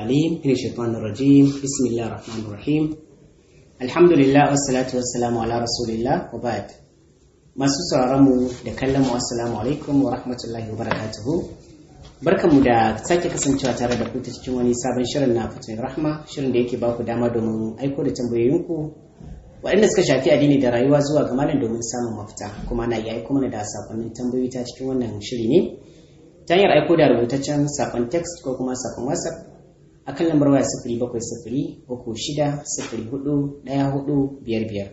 alim ni الشيطان rajim bismillah الله rahim alhamdulillah الحمد لله والصلاة والسلام على رسول masu sauraron mu da kallon mu assalamu alaikum wa rahmatullahi wa barakatuhu barkamu da sake kasancewa tare da ku ta cikin wani sabon shirin na fitin rahma shirin da yake ba ku dama domin aiko da tambayoyinku waɗanda suka shafi addini da rayuwa zuwa ga malam domin samun mafita kuma na iya aiko mana da sakonnin tambayoyi ta cikin wannan shiri ne ta hanyar aiko da rubutaccen sakon text ko kuma sakon whatsapp akan lambar waya sifiri bakwai sufuri uku shida sifiri hudu ɗaya hudu biyar biyar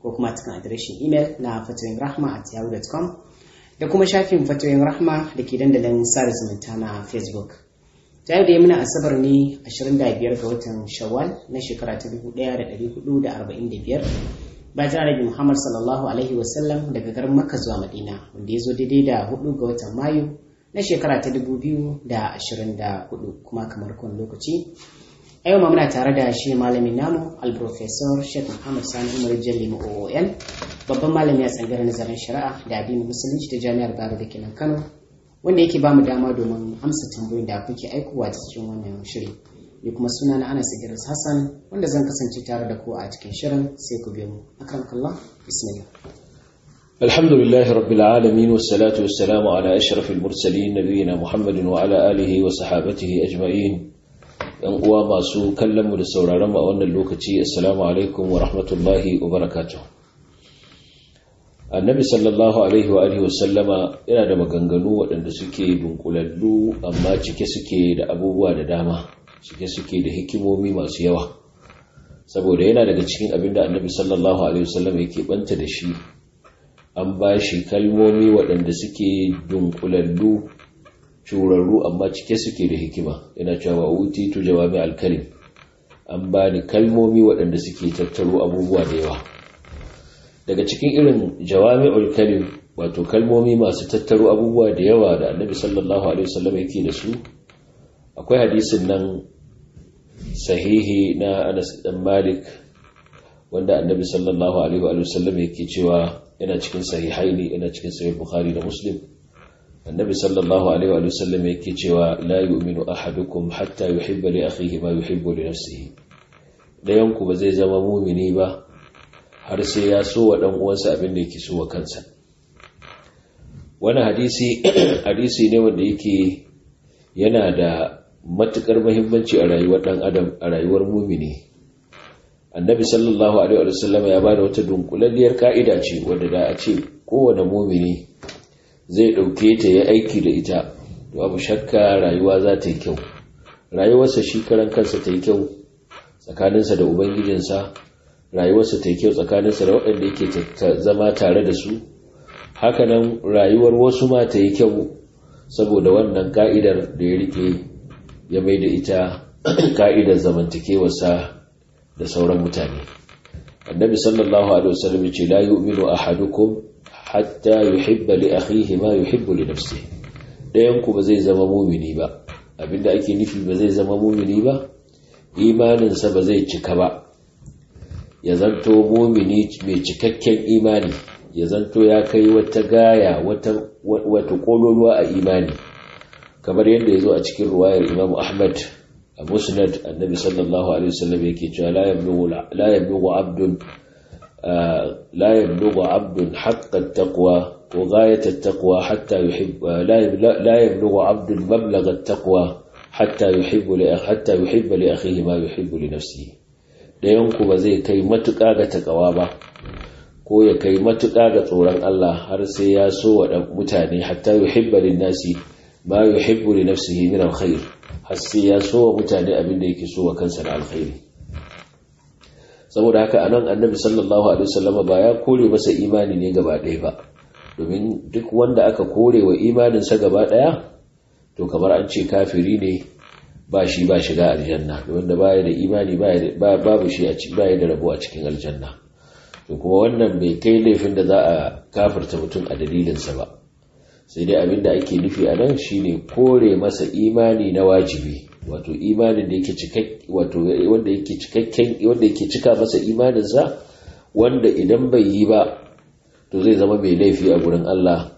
ko kuma cikin adireshin imel na fatoyin rahma at yahoo.com da kuma shafin fatoyin rahma da ke dandalin sada zumunta na facebook ta yau da muna asabar ne 25 ga watan shawwal na shekara ta 1445 bayan rabi muhammad sallallahu alaihi wasallam daga garin makka zuwa madina wanda ya zo daidai da hudu ga watan mayu na shekara ta dubu biyu da da ashirin 2024 kuma kamar kun lokaci a yau muna tare da shi malamin namu alprofesor sheikh muhammad sani umar jalli OO'N, babban malami a tsangarar nazarin shari'a da addinin musulunci ta jami'ar baro da kenan kano wanda yake ba mu dama domin amsa tambayoyin da kuke aikowa ta cikin wannan shiri ni kuma suna na anas idris hassan wanda zan kasance tare da ku a cikin shirin sai ku biyo mu akan kallon bismillah الحمد لله رب العالمين والصلاة والسلام على أشرف Muhammadin نبينا محمد وعلى آله وصحابته Yan uwa masu mu da mu a wannan lokaci assalamu alaikum wa rahmatullahi wa barakatuh annabi sallallahu yana da maganganu waɗanda suke dunkulallu amma cike suke da abubuwa da dama cike suke da hikimomi masu yawa saboda yana daga cikin abinda annabi sallallahu alaihi wasallama yake banta da shi an ba shi kalmomi waɗanda suke dunkulallu curarru amma cike suke da hikima yana cewa wuti to alkalim an ba ni kalmomi waɗanda suke tattaro abubuwa da yawa daga cikin irin jawami alkalim wato kalmomi masu tattaro abubuwa da yawa da annabi sallallahu alaihi wasallam yake da su akwai hadisin nan sahihi na anas dan malik wanda annabi sallallahu alaihi wasallam yake cewa yana cikin sahihaini yana cikin sahih bukhari da muslim annabi sallallahu alaihi wa sallam yake cewa la yu'minu ahadukum hatta yuhibba li akhihi ma yuhibbu li nafsihi dayan ku ba zai zama mumini ba har sai ya so wa dan uwansa abin da yake so wa kansa wannan hadisi hadisi ne wanda yake yana da matukar muhimmanci a rayuwar dan adam a rayuwar mumini annabi sallallahu alaihi sallam ya bada wata dunkulalliyar ka'ida ce wanda da a ce kowane mumini zai dauke ta ya aiki da ita babu shakka rayuwa za ta yi kyau rayuwarsa shi karan kansa ta yi kyau tsakaninsa da ubangijinsa rayuwarsa ta yi kyau tsakaninsa da waɗanda yake zama tare da su hakanan rayuwar wasu ma ta yi kyau saboda wannan ka'idar da ya rike ya mai da ita ka'idar zamantakewarsa da sauran mutane annabi sallallahu alaihi wasallam yace la yu'minu ahadukum hatta yuhibba li akhihi ma yuhibbu li nafsihi dayan ku ba zai zama mumini ba abinda ake nufi ba zai zama mumini ba imanin sa ba zai cika ba ya zanto mumini mai cikakken imani ya zanto ya kai wata gaya wata wata kololuwa a imani kamar yadda yazo a cikin ruwayar Imam Ahmad a musnad annabi sallallahu alaihi wasallam yake cewa la yablughu la yablughu abdun uh, la yablughu abdun haqqa at-taqwa wa ghayat at-taqwa hatta yuhibbu uh, la yablughu abdun mablagha at-taqwa hatta yuhibbu li hatta yuhibbu li akhihi ma yuhibbu li nafsihi dayan ku ba zai kai matuƙa ga takawa ba ko ya kai matuƙa ga tsoron Allah har sai ya so wa mutane hatta yuhibbu lin nasi ma yuhibbu li nafsihi min al-khair har ya so wa mutane abin da yake so wa kansa na alkhairi saboda haka anan annabi sallallahu alaihi wasallam ba ya kore masa imani ne gaba ɗaya ba domin duk wanda aka kore wa imaninsa gaba ɗaya to kamar an ce kafiri ne ba shi ba shiga aljanna wanda baya da imani babu shi a baya da rabo a cikin aljanna to kuma wannan bai kai laifin da za a kafirta mutum a dalilinsa ba sai dai abin da ake nufi a nan shine kore masa imani na wajibi wato imanin da yake cikak wato wanda yake cikakken wanda yake cika masa imaninsa wanda idan bai yi ba to zai zama mai laifi a gurin Allah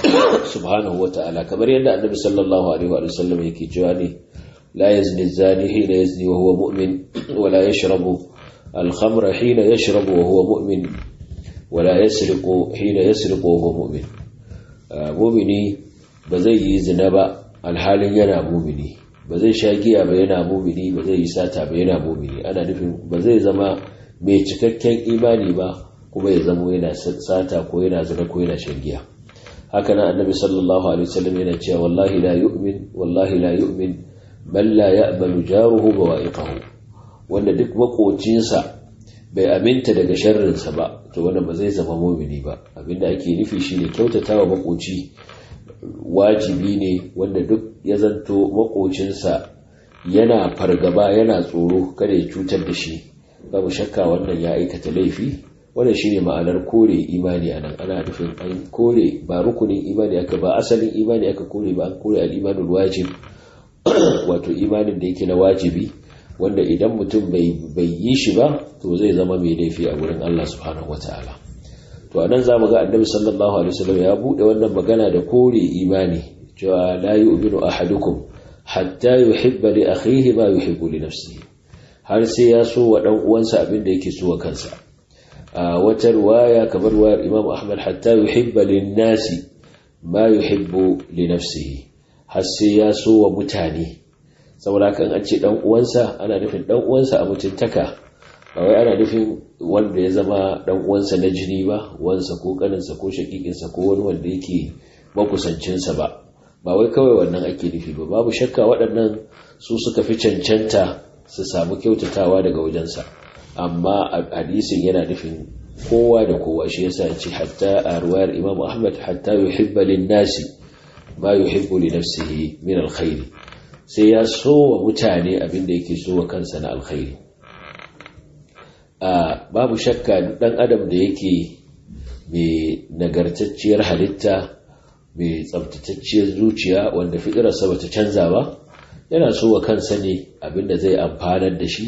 subhanahu wata'ala kamar yadda annabi sallallahu alaihi wa sallam yake cewa ne la yazni zani hina yazni wa huwa mu'min wa la yashrabu al-khamra hina yashrabu wa huwa mu'min wa la yasriqu hina yasriqu wa huwa mu'min Eh, mumini ba zai yi zina ba alhalin yana mumini ba zai sha giya ba yana mumini ba zai yi sata ba yana mumini ana nufin ba zai zama mai cikakken imani ba kuma ya zama yana sata ko yana zina ko yana shan giya haka na annabi sallallahu alaihi wasallam yana cewa wallahi la yu'min wallahi la yu'min man la ya'malu jaruhu bawa'iqahu wanda duk makocinsa bai aminta daga sharrinsa ba to wanda ba zai zama mumini ba abinda ake nufi shine kyautata wa makoci wajibi ne wanda duk ya zanto makocinsa yana fargaba yana tsoro kada ya cutar da shi babu shakka wannan ya aikata laifi wannan shine ma'anar kore imani anan ana nufin an kore ba rukunin imani aka ba asalin imani aka kore ba an kore al-imanul wajib wato imanin da yake na wajibi wanda idan mutum bai yi shi ba to zai zama mai laifi a wurin Allah subhanahu wataala to anan zamu ga annabi sallallahu alaihi wasallam ya bude wannan magana da kore imani cewa la yu'minu ahadukum hatta yuhibba li akhihi ma yuhibbu li nafsihi har sai ya so wa dan uwansa abin da yake so wa kansa a wata riwaya kamar wayar Imam Ahmad hatta yuhibba lin nasi ma yuhibbu li nafsihi har sai ya so wa mutane saboda kan an ce dan uwansa ana nufin ɗan’uwansa uwansa a mutuntaka ba wai ana nufin wanda ya zama ɗan’uwansa uwansa na jini ba wansa ko ƙaninsa ko shakikinsa ko wani wanda yake makusancinsa ba ba wai kawai wannan ake nufi ba babu shakka waɗannan su suka fi cancanta su samu kyautatawa daga wajensa amma hadisin yana nufin kowa da kowa shi yasa ce hatta a ruwayar imam ahmad hatta yuhibba lin nasi ma yuhibbu li nafsihi min alkhairi sai ya so wa mutane abinda yake so wa kansa na alkhairi babu shakka dan adam da yake mai nagartacciyar halitta mai tsabtacciyar zuciya wanda fitirarsa bata canza ba yana so wa kansa ne abinda da zai amfanar da shi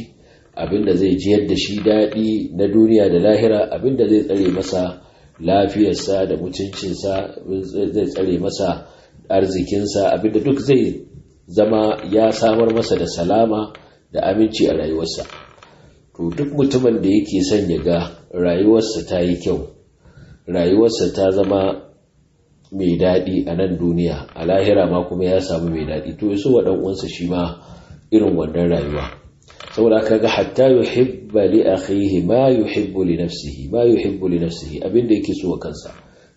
abin zai jiyar da shi daɗi na duniya da lahira abinda da zai tsare masa lafiyarsa da mutuncinsa zai tsare masa arzikinsa abin duk zai zama ya samar masa da salama da aminci a rayuwarsa to duk mutumin da yake son ya ga rayuwarsa ta yi kyau rayuwarsa ta zama mai daɗi a nan duniya a lahira ma kuma ya samu mai daɗi to yaso wa uwansa shi ma irin wannan rayuwa saboda kaga hatta yuhibba li akhihi ma yuhibbu li nafsihi ma yuhibbu li nafsihi abinda yake so wa kansa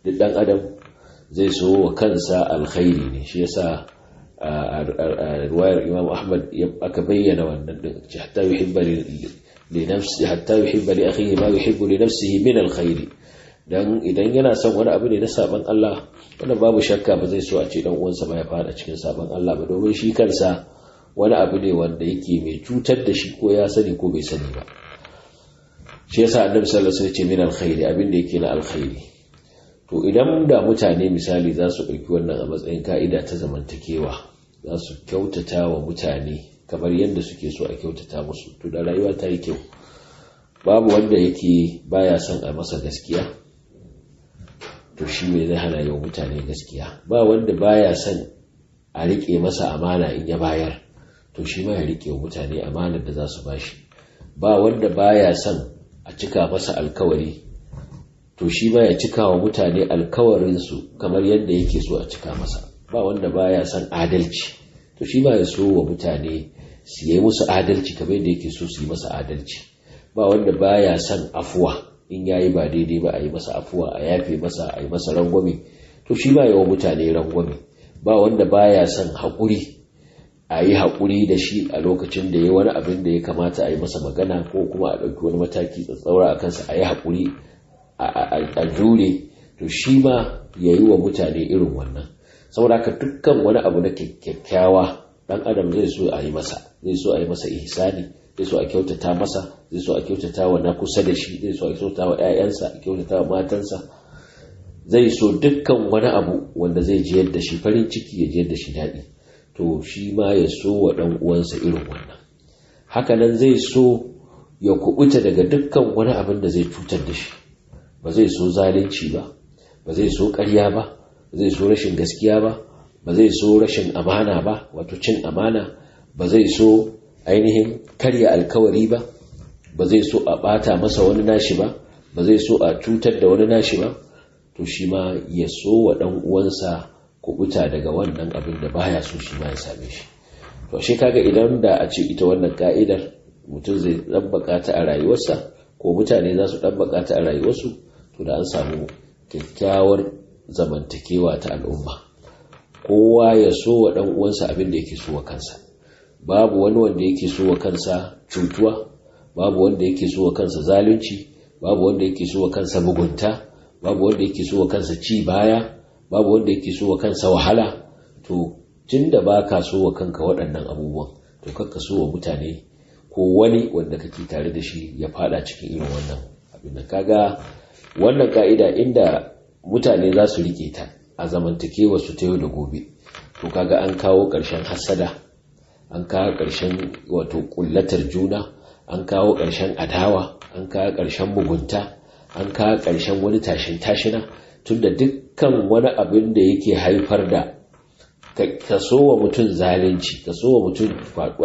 duk dan adam zai so wa kansa alkhairi ne shi yasa a ruwayar imam ahmad aka bayyana wannan din hatta yuhibba li nafsi hatta yuhibba min alkhairi dan idan yana son wani abu ne na sabon Allah wanda babu shakka ba zai so a ce dan uwansa ba ya fada cikin sabon Allah ba domin shi kansa wani abu ne wanda yake mai cutar da shi ko ya sani ko bai sani ba shi yasa annabi sallallahu alaihi wasallam ya ce min alkhairi abin da yake na alkhairi to idan da mutane misali za su ɗauki wannan a matsayin ka'ida ta zamantakewa za su kyautata wa mutane kamar yadda suke so a kyautata musu to da rayuwa ta yi kyau babu wanda yake baya son a masa gaskiya to shi mai zai hana yau mutane gaskiya ba wanda baya son a riƙe masa amana in ya bayar to shi ma ya riƙe wa mutane amanar da za su ba shi. ba wanda baya son a cika masa alkawari to shi ma ya cika wa mutane alkawarinsu kamar yadda yake so a cika masa ba wanda baya son adalci to shi ba ya so wa mutane su yi musu adalci kamar yadda yake so su yi masa adalci ba wanda baya son afuwa in yayi ba daidai ba a yi masa afuwa a yafe masa a yi masa rangwame to shi ba yawa mutane rangwame ba wanda baya son haƙuri a yi haƙuri da shi a lokacin da ya wani abin da ya kamata a yi masa magana ko kuma a ɗauki wani mataki tsatsaura a kansa a yi haƙuri a jure to shi ma ya yi wa mutane irin wannan saboda ka dukkan wani abu na kyakkyawa dan adam zai so a yi masa zai so a yi masa ihsani zai so a kyautata masa zai so a kyautata wa na kusa da shi zai so a kyautata wa ƴaƴansa a kyautata wa matansa zai so dukkan wani abu wanda zai jiyar da shi farin ciki ya jiyar da shi daɗi to shi ma ya so wa ɗan uwansa irin wannan Haka nan zai so ya kubuta daga dukkan wani abin da zai cutar da shi ba zai so zalunci ba ba zai so ƙarya ba ba zai so rashin gaskiya ba ba zai so rashin amana ba wato cin amana ba zai so ainihin karya alkawari ba ba zai so a bata masa wani nashi ba ba zai so a cutar da wani nashi ba to shi ma ya so wa ɗan uwansa kubuta daga wannan abin da baya so shi ma ya same shi to shi kaga idan da a ce ita wannan ka'idar mutum zai ɗabbaka ta a rayuwarsa ko mutane za su dabbaka ta a rayuwarsu to da an samu kyakkyawar zamantakewa ta al'umma kowa ya so wa ɗan uwansa abin da yake so wa kansa babu wani wanda yake so wa kansa cutuwa babu wanda yake so wa kansa zalunci babu wanda yake so wa kansa mugunta babu wanda yake so wa kansa ci baya babu wanda yake so wa kansa wahala to tunda baka so wa kanka waɗannan abubuwan to kanka so wa mutane ko wani wanda kake tare da shi ya faɗa cikin irin wannan abin da kaga wannan ka'ida inda mutane za su rike ta a zamantakewa su ta yau da gobe to kaga an kawo ƙarshen hasada an kawo ƙarshen wato ƙullatar juna an kawo ƙarshen adawa an kawo ƙarshen mugunta an kawo ƙarshen wani tashin tashina tunda dukkan wani abin da yake haifar da ka so mutum zalunci ka so mutum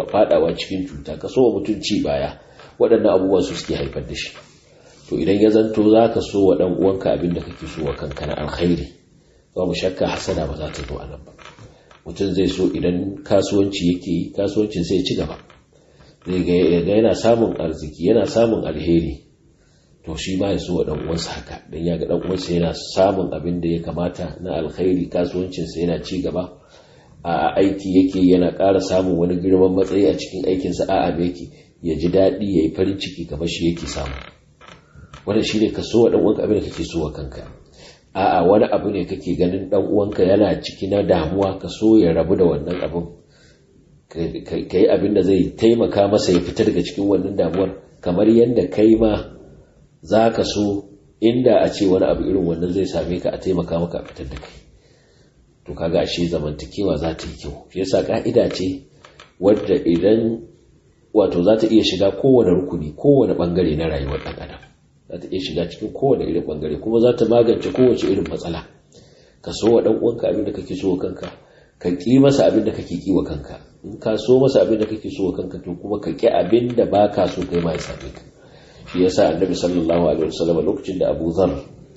fadawa cikin cuta ka so mutum ci baya waɗannan abubuwan su suke haifar da shi to idan ya zanto za ka so wa ɗan uwanka abin da kake so wa kanka na alkhairi ba mu shakka hasada ba za ta zo a nan ba mutum zai so idan kasuwanci yake yi kasuwancin sai ci gaba zai ga yana samun arziki yana samun alheri to shi ba ya so wa ɗan uwansa haka don ya ga ɗan uwansa yana samun abin da ya kamata na alkhairi kasuwancinsa yana ci gaba a aiki yake yana ƙara samun wani girman matsayi a cikin aikinsa a'a yake ya ji daɗi ya yi farin ciki kamar shi yake samu wannan shine ka so wa ɗan’uwanka abin da kake so wa kanka a wani abu ne kake ganin ɗan'uwanka yana ciki na damuwa ka ya rabu da wannan abin ka yi abin da zai taimaka masa ya fita daga cikin wannan damuwar kamar yadda kai ma za ka so inda a ce wani abu irin wannan zai same ka a taimaka maka a fitar da kai to kaga ashe zamantakewa za ta yi kyau shi yasa ka'ida ce wadda idan wato za ta iya shiga kowane rukuni kowane bangare na rayuwar ɗan adam za ta iya shiga cikin kowane irin bangare kuma za ta magance kowace irin matsala ka so wa ɗan'uwanka abin da kake so wa kanka ka ƙi masa abin da kake ƙi wa kanka in ka so masa abin da kake so wa kanka to kuma ka ƙi abin da baka so kai ma ya same ka shi ya sa annabi sallallahu alaihi wasallam lokacin da Abu zan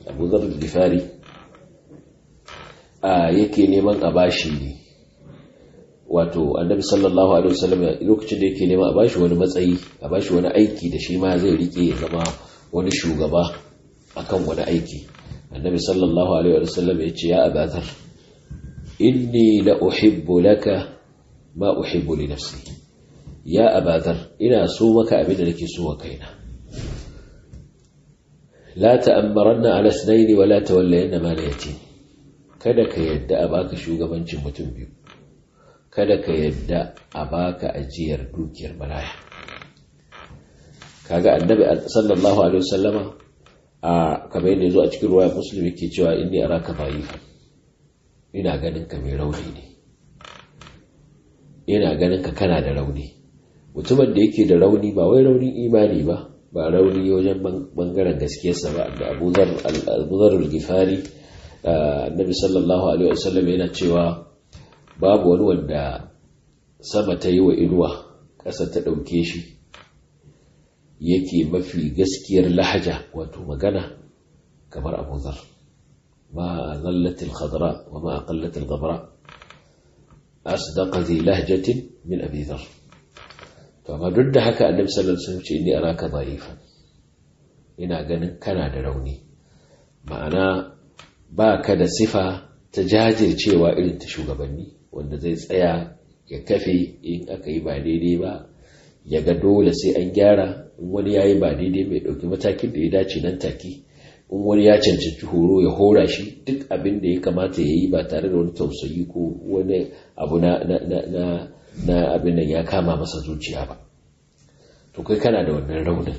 Abu Dharr al a yake neman a bashi ne wato annabi sallallahu alaihi wasallam lokacin da yake neman a bashi wani matsayi a bashi wani aiki da shi ma zai rike ya zama wani shugaba a kan wani aiki annabi sallallahu alaihi wa sallam ya ce ya abatar inni la uhibbu laka ma uhibbu li nafsi ya abatar ina so maka abin da nake so wa kaina la ta'ammaranna ala sunaini wa la tawallayanna ma la yati kada ka yadda a baka shugabancin mutum biyu kada ka yadda a baka ajiyar dukiyar malaya kaga annabi sallallahu alaihi wasallama a kamar yanzu a cikin ruwaya muslim yake cewa inni araka bayi ina ganin ka mai rauni ne ina ganin ka kana da rauni mutumin da yake da rauni ba wai rauni imani ba ba rauni wajen bangaren gaskiyarsa ba da abuzar al-gifari annabi sallallahu alaihi wasallam yana cewa babu wani wanda sama ta yi wa inuwa ƙasa ta ɗauke shi yake mafi gaskiyar lahaja wato magana kamar abu zar ma zallatil khadra wa ma aqallatil ghabra asdaqa zi lahjatin min abi zar to amma duk da haka annabi sallallahu alaihi wasallam ce inni araka dha'ifan ina ganin kana da rauni ma'ana ba ka da sifa ta jajircewa irin ta shugabanni wanda zai tsaya ya kafe in aka yi ba daidai ba ya ga dole sai an gyara in wani ya yi ba daidai mai ɗauki matakin da ya dace nan take in wani ya cancanci horo ya hora shi duk abin da ya kamata ya yi ba tare da wani tausayi ko wani abu na abin da ya kama masa zuciya ba to kai kana da wannan raunin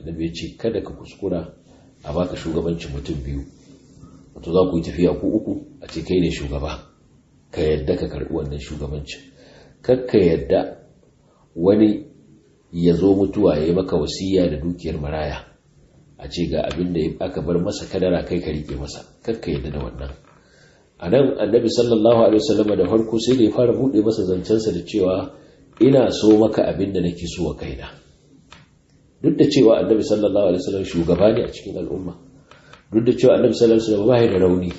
annabi ya ce kada ka kuskura a baka shugabancin mutum biyu wato za ku yi tafiya ko uku a ce kai ne shugaba ka yadda ka karɓi wannan shugabancin ka yadda wani ya zo mutuwa ya yi maka wasiya da dukiyar maraya a ce ga abin da aka bar masa kadara kai ka rike masa karka yadda da wannan a nan annabi sallallahu alaihi wasallam da farko sai da ya fara buɗe masa zancensa da cewa ina so maka abin da nake so wa kaina duk da cewa annabi sallallahu alaihi wasallam shugaba ne a cikin al'umma duk da cewa annabi sallallahu alaihi wasallam ba da rauni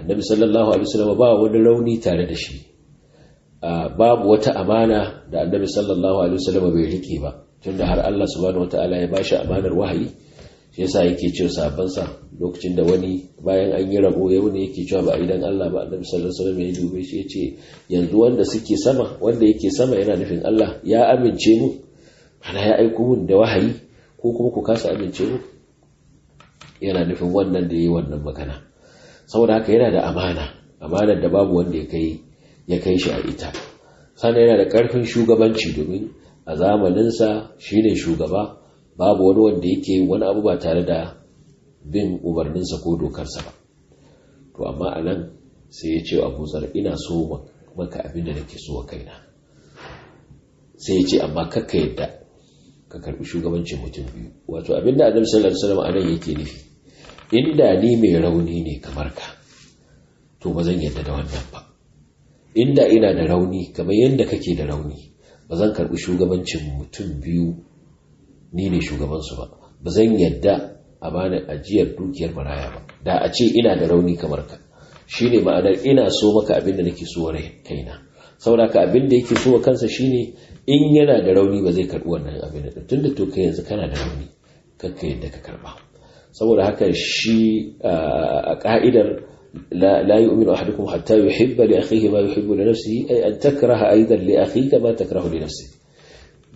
annabi sallallahu alaihi wasallam ba wani rauni tare da shi babu wata amana da annabi sallallahu alaihi wasallam bai rike ba tunda har Allah subhanahu wataala ya bashi amanar wahayi shi yasa yake cewa sabon sa lokacin da wani bayan an yi rabo yau ne yake cewa ba idan Allah ba annabi sallallahu alaihi wasallam ya dube shi yace yanzu wanda suke sama wanda yake sama yana nufin Allah ya amince mu ana ya aiko mun da wahayi ko kuma ku kasa amince mu yana nufin wannan da yi wannan magana saboda haka yana da amana amanar da babu wanda ya kai ya kai shi a ita sannan yana da ƙarfin shugabanci domin a zamaninsa shine shugaba babu wani wanda yake wani abu ba tare da bin umarninsa ko dokarsa ba to amma a nan sai ya ce abu zar ina so maka abin da nake so wa kaina sai ya ce amma kakka yadda ka karbi shugabancin mutum biyu wato abin da adam sallallahu alaihi wasallam anan yake nufi inda ni mai rauni ne kamar ka to ba zan yadda da wannan ba inda ina da rauni kamar yadda kake da rauni ba zan karɓi shugabancin mutum biyu ni ne shugabansu ba ba zan yadda a bani ajiyar dukiyar maraya ba da a ce ina da rauni kamar ka shi ne ma'anar ina so maka abin da nake so rai kaina saboda ka abin da yake so wa kansa shine in yana da rauni ba zai karbi wannan abin da tun da to kai yanzu kana da rauni kakka yadda ka karɓa saboda haka shi ah, a ka'idar لا, لا يؤمن أحدكم حتى يحب لأخيه ما يحب لنفسه أي أن تكره أيضا لأخيك ما تكره لنفسك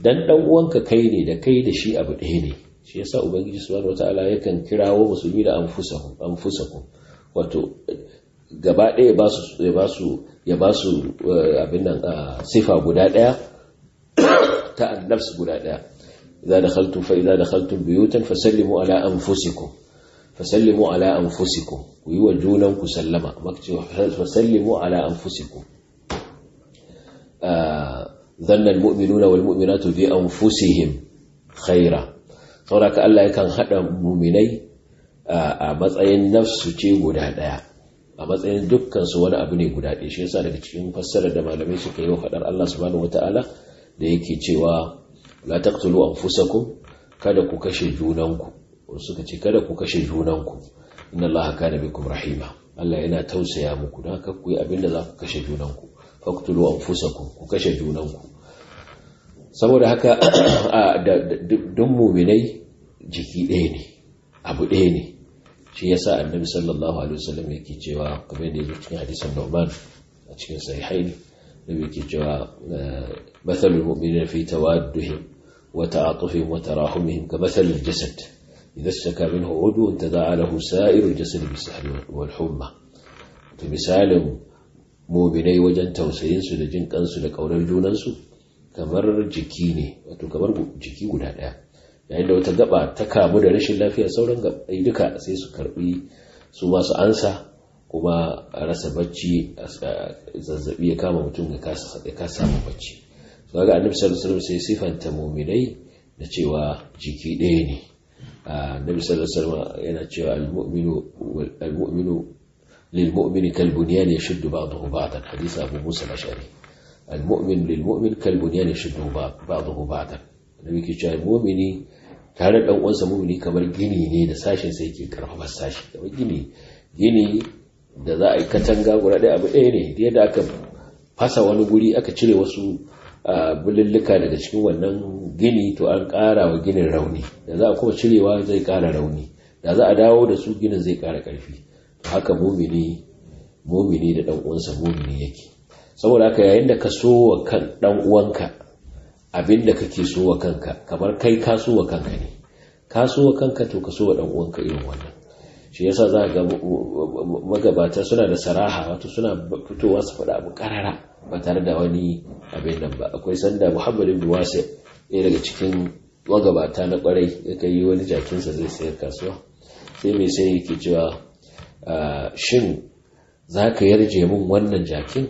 dan dan uwanka kai ne da kai da shi abu ɗaya ne shi yasa ubangiji subhanahu wataala yakan kirawo musulmi da anfusahum wato gaba ɗaya ya ba su ya ba su abin nan sifa guda ɗaya ta annabs guda ɗaya idza dakhaltum fa idza dakhaltum buyutan fasallimu ala anfusikum fasallimu ala anfusikum ku yi wa junanku sallama makce fasallimu ala anfusikum dhanna ah, almu'minuna walmu'minatu bi anfusihim khaira sauraka Allah yakan hada mu'minai ah, a matsayin nafsu ce guda daya a matsayin dukkan su wani abu ne guda ɗaya shi yasa daga cikin fassarar da malamai suka yi wa fadar Allah subhanahu wataala da yake cewa la taqtulu anfusakum kada ku kashe junanku suka ce kada ku kashe junanku inna allaha kana bikum rahima Allah yana tausaya muku don haka ku yi abin da za ku kashe junanku faktulu anfusakum ku kashe junanku saboda haka duk muminai jiki ɗaya ne abu ɗaya ne shi yasa annabi sallallahu alaihi wasallam yake cewa kamar da yake cikin hadisin Nu'man a cikin sahihain nabi yake cewa mathalul mu'minina fi tawadduhum wa ta'atufihim wa tarahumihim ka mathalil jasad إذا za a عضو انتزع له سائر الجسد بالسهر والحمى misalin muminai wajen tausayinsu da jin kansu da kaunar junansu kamar jiki ne wato kamar jiki guda ɗaya yayin da wata gaba ta kamu da rashin lafiya sauran gabai duka sai su karɓi su masu ansa kuma a rasa bacci zazzaɓi ya kama mutum ya kasa samun bacci su ga annabi sallallahu alaihi wasallam sai sifanta muminai na cewa jiki ɗaya ne annabi ah, sallallahu alaihi wasallam yana cewa al-mu'minu al-mu'minu lil-mu'mini kal-bunyan yashuddu ba'dahu ba'dan hadisi Abu Musa al-Ash'ari al-mu'min lil-mu'min kal-bunyan yashuddu ba'dahu ba'dan tare da uwansa mu'mini kamar gini ne da sashin sai yake karfafa sashi kamar gini da za a yi katanga guda abu ɗaya ne da aka fasa wani guri aka cire wasu bululluka daga cikin wannan gini to an ƙara wa ginin rauni da za a kuma cirewa zai kara rauni da za a dawo da su ginin zai kara karfi to haka mumini da ɗan uwansa mumini yake saboda haka yayin da ka so wa kan ɗan uwanka abin da kake so wa kanka kamar kai ka so wa kanka ne ka so wa kanka to ka so wa ɗan uwanka irin wannan shi yasa za ga magabata suna da saraha wato suna fitowa su faɗa abu ƙarara ba tare da wani abin nan ba akwai sanda muhammad ibn wasi ɗaya daga cikin magabata na kwarai ya kai wani jakinsa zai sayar kasuwa sai mai sai yake cewa ah, shin za ka yarje min wannan jakin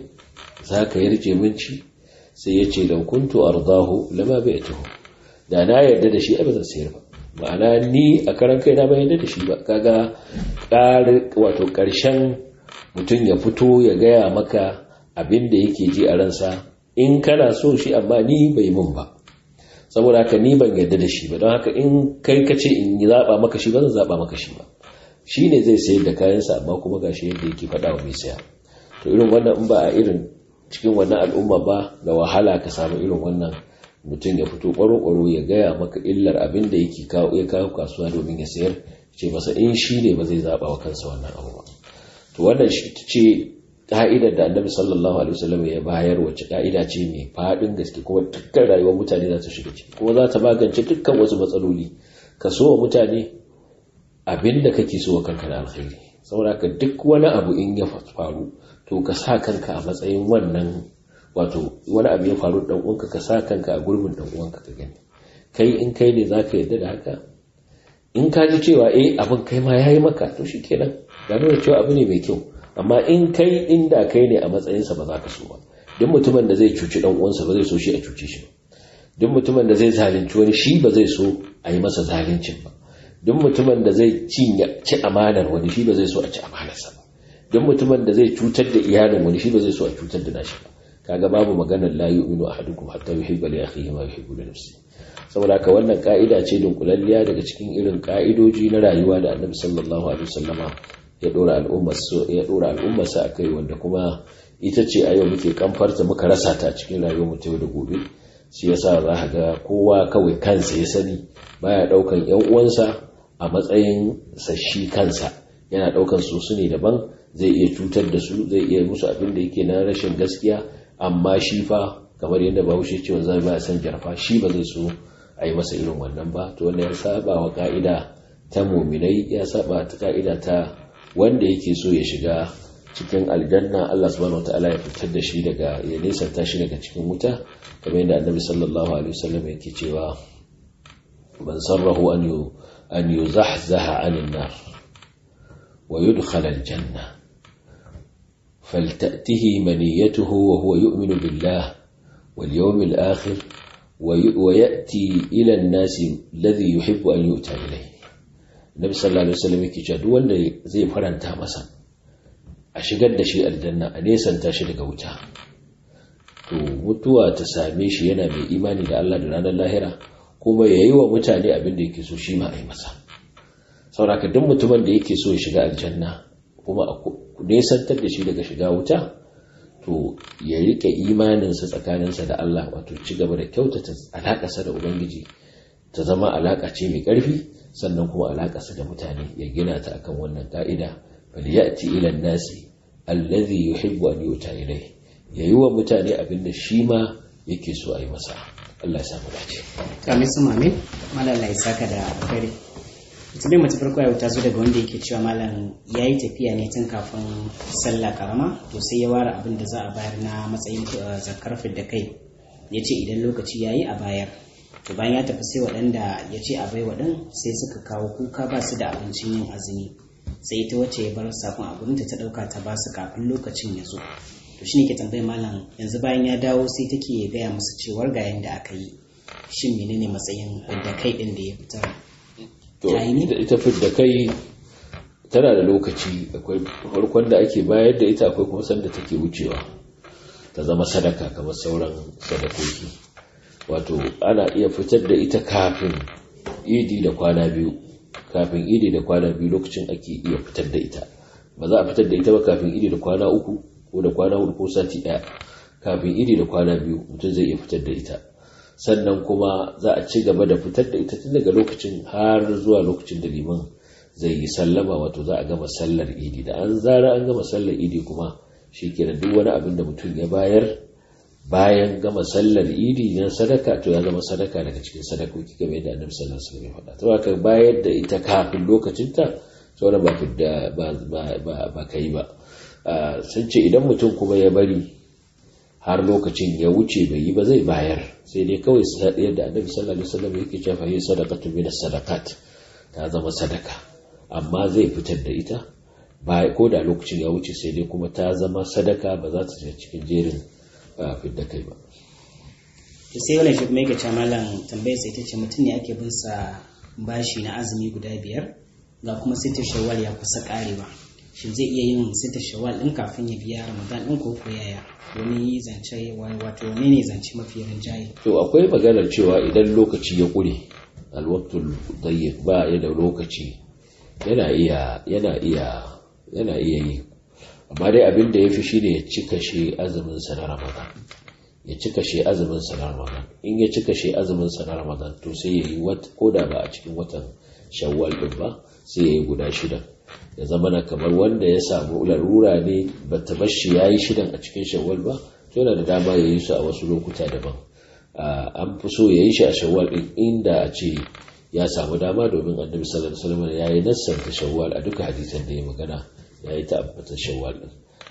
za ka yarje min ci sai ya ce da kuntu ardahu lama bai tuhu da na yarda da shi a bazan sayar ba ma'ana ni a karan kai na bai yarda da shi ba kaga wato ƙarshen mutum ya fito ya gaya maka abin da yake ji a ransa in kana so shi amma ni bai mun ba saboda haka ni ban yarda da shi ba don haka in kai ka ce in zaɓa maka shi ba zan zaɓa maka shi ba shi ne zai sayar da kayansa amma kuma ga shi yadda yake faɗa wa mai saya to irin wannan in ba a irin cikin wannan al'umma ba da wahala ka samu irin wannan mutum ya fito ƙwaro-ƙwaro ya gaya maka illar abin da yake kawo ya kawo kasuwa domin ya sayar ce masa in shi ne ba zai zaɓa wa kansa wannan abu ba to wannan shi ce ka'idar da annabi sallallahu alaihi wasallam ya bayar wacce ka'ida ce mai faɗin gaske kuma dukkan rayuwar mutane za ta shiga ciki kuma za ta magance dukkan wasu matsaloli ka so wa mutane abin da kake so wa kanka na alkhairi saboda ka duk wani abu in ya faru to ka sa kanka a matsayin wannan wato wani abu ya faru dan uwanka ka sa kanka a gurbin dan uwanka ka gani kai in kai ne za ka yarda da haka in ka ji cewa eh abin kai ma yayi maka to shikenan da nuna cewa abu ne mai kyau amma in kai inda kai ne a matsayinsa ba za ka so ba duk mutumin da zai cuci dan uwansa ba zai so shi a cuci shi duk mutumin da zai zalunci wani shi ba zai so a yi masa zaluncin ba duk mutumin da zai ci amanar wani shi ba zai so a ci amanarsa ba duk mutumin da zai cutar da iyalin wani shi ba zai so a cutar da nashi ba kaga babu maganar la yu'minu ahadukum hatta yuhibba li akhihi ma yuhibbu li nafsihi saboda haka wannan ka'ida ce dunkulalliya daga cikin irin ka'idoji na rayuwa da Annabi sallallahu alaihi wasallama ya dora al'ummarsa a kai wanda kuma ita ce a yau muke kamfarta muka rasa ta cikin rayuwar mu yau da gobe shi yasa za ka ga kowa kawai kansa ya sani baya daukan yan uwansa a matsayin shi kansa yana daukan su su ne daban zai iya cutar da su zai iya musu abin da yake na rashin gaskiya amma shi fa kamar yadda bahaushe cewa zai ba san jarfa shi ba zai so a yi masa irin wannan ba to wannan ya saba wa ka'ida ta muminai ya saba ta ka'ida ta wanda yake so ya shiga cikin aljanna Allah subhanahu wataala ya fitar da shi daga ya ta shi daga cikin wuta kamar yadda annabi sallallahu alaihi wasallam yake cewa man sarrahu an yu an yuzahzaha an nar wa yudkhala aljanna فلتأته منيته وهو يؤمن بالله واليوم الآخر ويأتي إلى الناس الذي يحب أن يؤتى إليه Na sallallahu alaihi wasallam yake duk wanda zai faranta masa a shigar da shi aljanna a nesanta shi daga wuta to mutuwa ta same shi yana mai imani da Allah da ranar lahira kuma ya yi wa mutane abin da yake so shi ma a yi masa sauraka duk mutumin da yake so ya shiga aljanna kuma a nesantar da shi daga shiga wuta to ya rike imaninsa tsakaninsa da Allah wato ci gaba da kyautata alaƙarsa da Ubangiji ta zama alaƙa ce mai ƙarfi sannan kuma su da mutane ya gina ta akan wannan ka'ida bal ya'ti ila nasi allazi yuhibbu an yuta ilayhi yayi wa mutane abin da shi ma yake so a yi masa Allah ya samu dace kamin su mame malala ya saka da kare dai mace farko ya wuta zo daga wanda yake cewa malam yayi tafiya ne tun kafin sallah karama to sai ya ware abin da za a bayar na matsayin eh, zakar da kai ya ce idan lokaci yayi a bayar to bayan ya tafi sai waɗanda ya ce a bai waɗin sai suka kawo kuka ba su da abincin yin azumi sai ita wacce ya bar safin a gurinta ta ɗauka ta ba su kafin lokacin ya zo to shine ke tambayar malam yanzu bayan ya dawo sai take gaya musu cewar ga yanda aka yi shin menene matsayin da kai ɗin da ya fitar to ita fidda kai tana da lokaci akwai farkon da ake bayar da ita akwai kuma sanda take wucewa ta zama sadaka kamar sauran sadakoki wato ana iya fitar da ita kafin idi da kwana biyu kafin idi da kwana biyu lokacin ake iya fitar da ita ba za a fitar da ita ba kafin idi da kwana uku ko da kwana hudu ko sati daya kafin idi da kwana biyu mutum zai iya fitar da ita sannan kuma za a ci gaba da fitar da ita tun daga lokacin har zuwa lokacin da liman zai yi sallama wato za a gama sallar idi da an zara an gama sallar idi kuma shi duk wani abin da mutum ya bayar bayan gama sallar idi na sadaka to ya zama sadaka daga cikin sadakoki game da annabi sallallahu alaihi wasallam to haka bayar da ita kafin lokacin ta saboda ba ba ba kai ba sun ce idan mutum kuma ya bari har lokacin ya wuce bai yi ba zai bayar sai dai kawai yadda annabi sallallahu alaihi wasallam yake cewa fa sadaqatu min sadaqat ta zama sadaka amma zai fitar da ita ba ko da lokacin ya wuce sai dai kuma ta zama sadaka ba za ta je cikin jerin fidda kai ba to sai wannan shi kuma yake ce malam tambayar sai ta ce mutum ne ake bin sa bashi na azumi guda biyar ga kuma sita shawar ya kusa karewa shi zai iya yin sita shawar din kafin ya biya ramadan din ko ko yaya wani zance wato wani ne zance mafi rinjaye to akwai maganar cewa idan lokaci ya kure alwaktul dayyik ba ya da lokaci yana iya yana iya yana iya yi amma dai abin da ya fi shi ne ya cika shi azumin sa na ramadan ya cika shi azumin sa ramadan in ya ci kashe azumin sa na ramadan to sai ya yi koda ba a cikin watan shawwal din ba sai ya yi guda shida ya zama na kamar wanda ya samu larura ne ba ta bashi ya yi shidan a cikin shawwal ba to yana da dama ya yi su a wasu lokuta daban an fi so ya yi shi a shawwal din inda a ce ya samu dama domin annabi sallallahu alaihi wasallam ya yi nassan ta shawwal a duka hadisan da ya magana ya yi ta shawar shawwal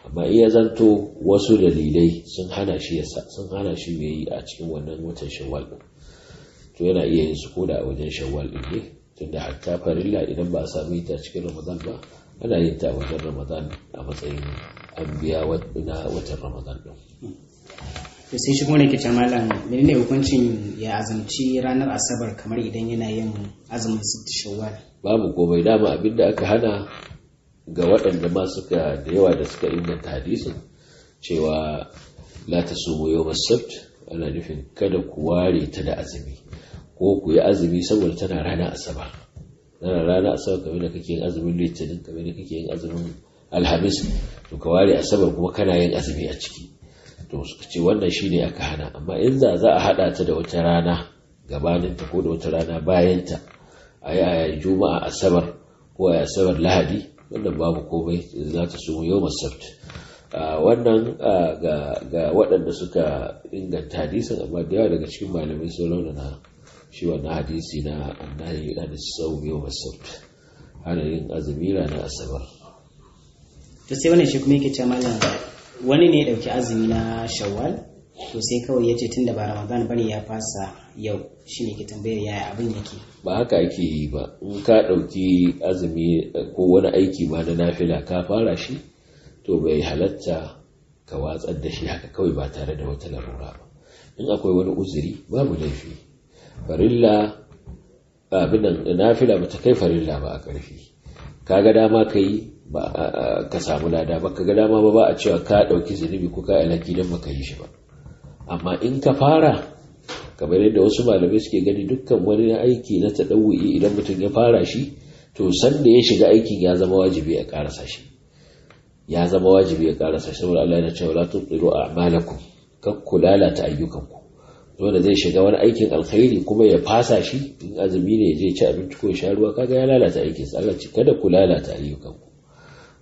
amma iya zanto wasu dalilai sun hana shi ya yi a cikin wannan watan shawar din to yana iya yin su koda a wajen shawwal ɗin ne tunda hatta farilla idan ba a sami ta cikin ramadan ba ana yin ta wajen ramadan a matsayin an biya na watan ramadan ɗin. to sai shi ne ke ce malam menene hukuncin ya azumci ranar asabar kamar idan yana yin azumin sitti shawwal babu komai dama da aka hana ga waɗanda ma suka da yawa da suka inganta hadisin cewa la ta sumu yawm sabt ana nufin kada ku ware ta da azumi ko ku yi azumi saboda tana rana asabar tana rana asabar kamar da kake yin azumin litinin kamar da kake yin azumin alhamis to ka ware asabar kuma kana yin azumi a ciki to suka ce wannan shi shine aka hana amma in za a haɗa ta da wata rana gabanin ta ko da wata rana bayanta, a yi a juma'a asabar ko a asabar lahadi wannan babu komai za ta sumu yau masabt wannan ga waɗanda suka inganta hadisin amma da yawa daga cikin malamai sun na shi wannan hadisi na annahi da sau yau masabt hana yin azumi ranar asabar ta sai wani shi kuma yake ce wani ne ya ɗauki azumi na shawwal to sai kawai ya ce tun da ba ramadan bane ya fasa yau shi ne ke tambayar yaya abin yake ba haka ake yi ba in ka ɗauki azumi ko wani aiki ba na nafila ka fara shi to bai halatta ka watsar da shi haka kawai ba tare da wata larura ba in akwai wani uzuri babu laifi farilla abin nafila ba ta kai farilla ba a ƙarfi ka ga dama ka yi ka samu lada ba ka ga dama ba ba a cewa ka ɗauki zunubi ko ka alaki don ka yi shi ba amma in ka fara kamar yadda wasu malamai suke gani dukkan wani aiki na taɗawu'i idan mutum ya fara shi to sanda ya shiga aikin ya zama wajibi ya karasa shi ya zama wajibi ya karasa shi saboda Allah ya cewa wala tuqiru a'malakum kak ku lalata ayyukanku da zai shiga wani aikin alkhairi kuma ya fasa shi in azumi ne zai ci abinci ko sha ruwa kaga ya lalata aikin sa Allah ce kada ku lalata ayyukanku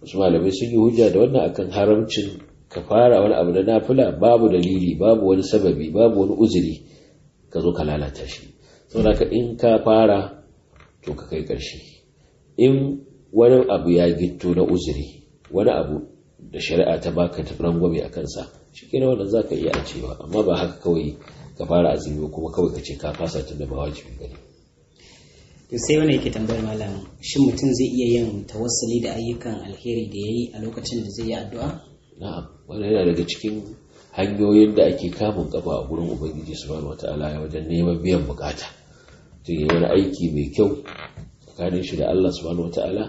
wasu malamai sun yi hujja da wannan akan haramcin ka fara wani abu na nafila babu dalili babu wani sababi babu wani uzuri ka zo ka lalata shi saboda ka in ka fara to ka kai ƙarshe in wani abu ya gitto na uzuri wani abu da shari'a ta baka ta rangwame a kansa shi kenan wannan za ka iya cewa amma ba haka kawai ka fara azumi kuma kawai ka ce ka fasa tun da ba wajibi ba ne to sai wani yake tambayar malam shin mutum zai iya yin tawassuli da ayyukan alheri da ya yi a lokacin da zai yi addu'a na'am wani yana daga cikin hanyoyin da ake kamun kafa a gurin ubangiji subhanahu wata'ala wajen neman biyan bukata tun yi wani aiki mai kyau tsakanin shi da Allah subhanahu wata'ala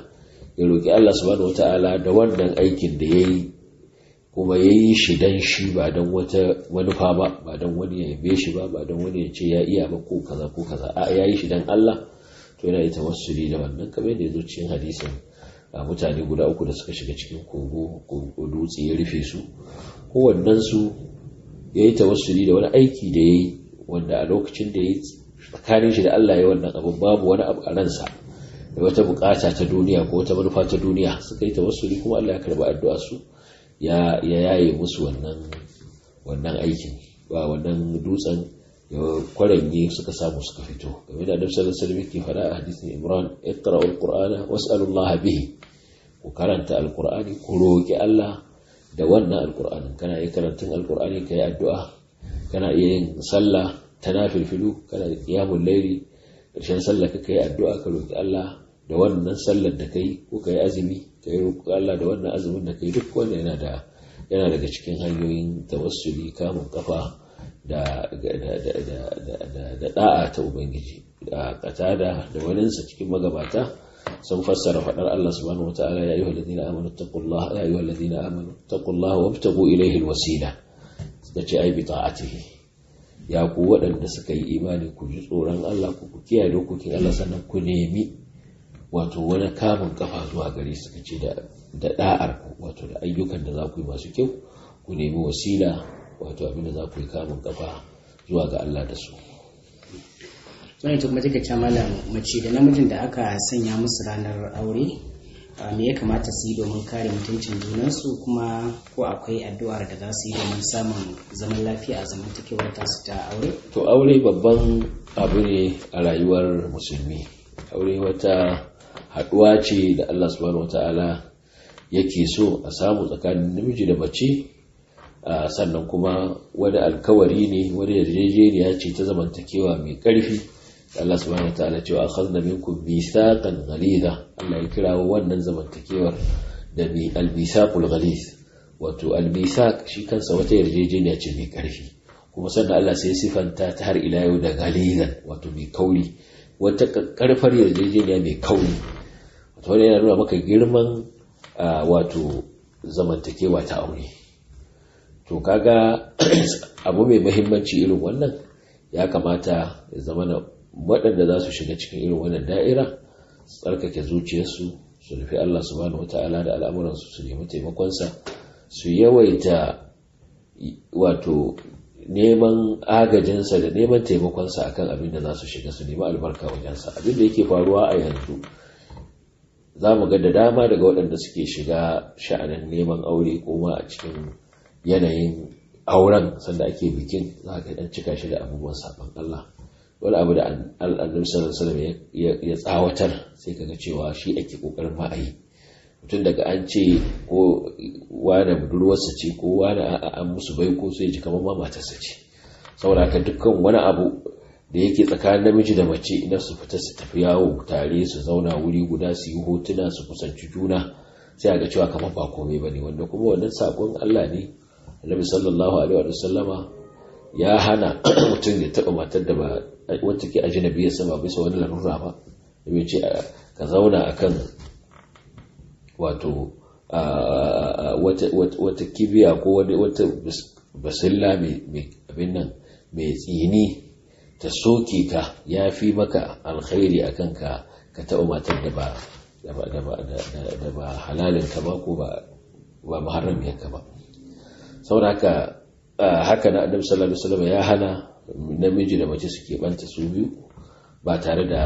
ya roƙi Allah subhanahu wata'ala da wannan aikin da ya yi kuma ya yi shi dan shi ba don wata manufa ba ba don wani ya yabe shi ba ba don wani ya ce ya iya ba ko kaza ko kaza a ya yi shi dan Allah to yana ita wasu da wannan kamar da ya zo cikin hadisin a mutane guda uku da suka shiga cikin kogo dutse ya rufe su su ya yi tawassuli da wani aiki da ya yi wanda a lokacin da ya tsakanin shi da Allah ya wannan abin babu wani abu a ransa da wata bukata ta duniya ko wata manufa ta duniya suka yi tawassuli kuma Allah ya karba addu'a su ya yaye musu wannan wannan aikin ba wannan dutsen ya kwaranye suka samu suka fito game da adam sallallahu alaihi wasallam yake fada a hadisin Imran iqra alqur'ana was'alullaha bihi ku karanta alkur'ani ku roƙi Allah da wannan alkur'anin kana yi karantun alkur'ani ka yi addu'a kana iya yin sallah ta nafilfilu kana da qiyamul laili ƙarshen sallah ka kai addu'a ka roƙi Allah da wannan sallar da kai ko yi azumi ka yi roƙi Allah da wannan azumin da kai duk wanda yana da yana daga cikin hanyoyin tawassuli kamun kafa da da da ta ubangiji da katada da waninsa cikin magabata sun fassara faɗar Allah subhanahu wata'ala ya ayyuhal ladina amanu taqullaha ya ayyuhal ladina amanu taqullaha wabtagu ilayhi alwasila suka ce ai bi ta'atihi ya ku waɗanda suka yi imani ku ji tsoron Allah ku kiyaye dokokin Allah sannan ku nemi wato wani kamun kafa zuwa gare suka ce da da'ar ku wato da ayyukan da za ku yi masu kyau ku nemi wasila wato abin da za ku yi kamun kafa zuwa ga Allah da su wani ta kuma ta malam mace da namijin da aka sanya musu ranar aure ah, me ya kamata su yi domin kare mutuncin junansu kuma ko akwai addu'ar da za su yi domin samun zaman lafiya a zamantakewar tasu ta aure to aure babban abu ne a rayuwar musulmi aure wata haɗuwa ce da Allah subhanahu wata'ala yake so a samu tsakanin namiji da mace ah, sannan kuma wani alkawari ne wani yarjejeniya ce ta zamantakewa mai ƙarfi Allah subhanahu ta'ala cewa akhadna minkum mithaqan ghaliza Allah ya kira wannan zamantakewar da bi albisaqul ghalidh wato albisa shi kansa wata yarjejeniya ce mai karfi kuma sannan Allah sai sifanta ta har ila yau da ghalizan wato mai kauri wata karfar yarjejeniya mai kauri wato wani yana nuna maka girman wato zamantakewa ta aure to kaga abu mai mahimmanci irin wannan ya kamata ya zama waɗanda za su shiga cikin irin wannan da'ira su tsarkake zuciyarsu su nufi Allah su subhanahu wata'ala da al'amuransu su nemi taimakonsa su yawaita wato neman agajinsa da neman taimakonsa akan abin da za su shiga su nemi albarka wajensa abin da yake faruwa a yanzu za mu ga da dama daga waɗanda suke shiga sha'anin neman aure ko a cikin yanayin auren sanda ake bikin za ka ɗan cika shi da abubuwan sabon Allah wani abu da al'adun sallallahu ya tsawatar sai kaga cewa shi ake kokarin ma’ayi mutum daga an ce ko wani budurwarsa ce ko wani an musu bai ko sai ji kamar ma matarsa ce saboda ka dukkan wani abu da yake tsakanin namiji da mace na su fita su tafi yawo tare su zauna wuri guda su yi hotuna su kusanci juna sai a ga cewa kamar ba komai ba ne wanda kuma wannan sakon Allah ne Annabi sallallahu alaihi wa sallama ya hana mutum ya taɓa matar da ba wacce ke ajinabi ya sama bisa wani larura ba ya ce ka zauna a kan wato wata kibiya ko wata basilla abin nan mai tsini ta soke ka ya fi maka alkhairi a kanka ka taɓa matar da ba da ba halalin ka ba ko ba maharramiyar ba saboda haka haka na adam sallallahu alaihi ya hana namiji da mace suke banta su biyu ba tare da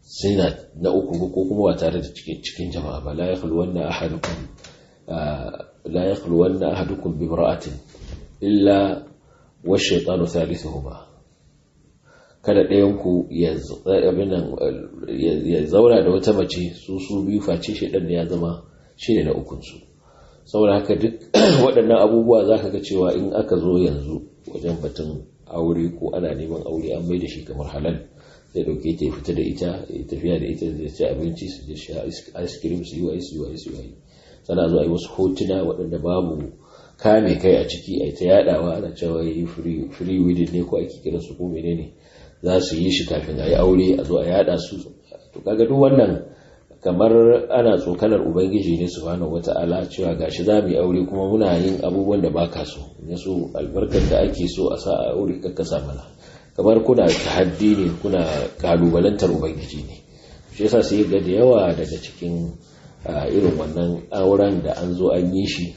suna na uku ko kuma ba tare da cikin jama'a ba la yakhlu wanna ahadukum la yakhlu illa wa kada ɗayan ku ya zauna da wata mace su su biyu face shaidan da ya zama shi ne na ukunsu saboda haka duk waɗannan abubuwa za ka ga cewa in aka zo yanzu wajen batun aure ko ana neman aure an mai da shi kamar halal zai dauke ta fita da ita tafiya da ita da ci abinci su je sha ice cream su yi wa su yi su yi sana zuwa yi wasu hotuna waɗanda babu kame kai a ciki a ta yadawa ana cewa yi free wedding ne ko ake kiransu ko menene za su yi shi kafin a yi aure a zo a yaɗa su to kaga duk wannan kamar ana tsokanar ubangiji ne su wata wata'ala cewa gashi za mu yi aure kuma muna yin abubuwan da baka so ne so albarkar da ake so a sa aure kakka sa mana kamar kuna tahaddi ne kuna kalubalantar ubangiji ne shi yasa sai ga da yawa daga cikin irin wannan auren da an zo an yi shi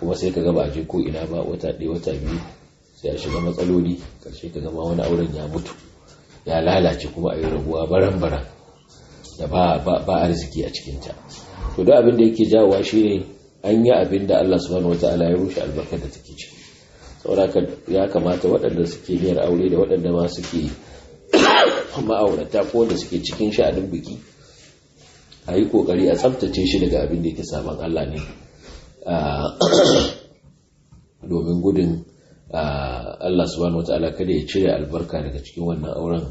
kuma sai ka gaba a je ko ina ba wata ɗaya wata biyu sai a shiga matsaloli karshe ka gama wani auren ya mutu ya lalace kuma a yi rabuwa baran-baran da ba ba arziki a cikinta to da abin da yake jawowa ne, an yi abin da Allah subhanahu wataala ya rushe albarka da take ciki sauraka ya kamata waɗanda suke niyyar aure da waɗanda ma suke ma'aurata ko da suke cikin duk biki a yi ƙoƙari a tsabtace shi daga abin da yake saban Allah ne ah, domin gudun ah, Allah subhanahu wataala kada ya cire albarka daga cikin wannan auren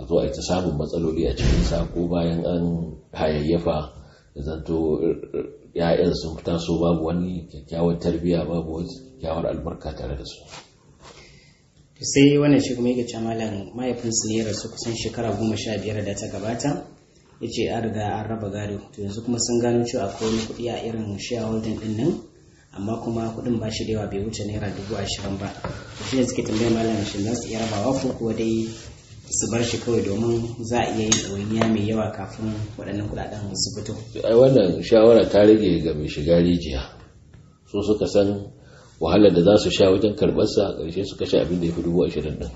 a zo a yi ta samun matsaloli a cikin sa ko bayan an hayayyafa da zanto ‘ya'yan sun fita so babu wani kyakkyawar tarbiyya babu wani kyakkyawar albarka tare da su. sai wannan shi kuma yake ce malam mahaifinsu ne rasu kusan shekara goma sha biyar da ta gabata ya ce an riga an raba gado to yanzu kuma sun gano cewa akwai wani kuɗi a irin shareholding din nan amma kuma kuɗin ba shi da yawa bai wuce naira dubu ashirin ba da shi ne suke tambayar malam shi za su iya rabawa ko kuwa dai su bar shi kawai domin za a iya yin ɗawainiya mai yawa kafin waɗannan kuɗaɗen su fito. ai wannan shawara ta rage ga mai shiga rijiya su suka san wahalar da za su sha wajen karɓarsa ƙarshe suka sha abin da ya fi dubu ashirin ɗin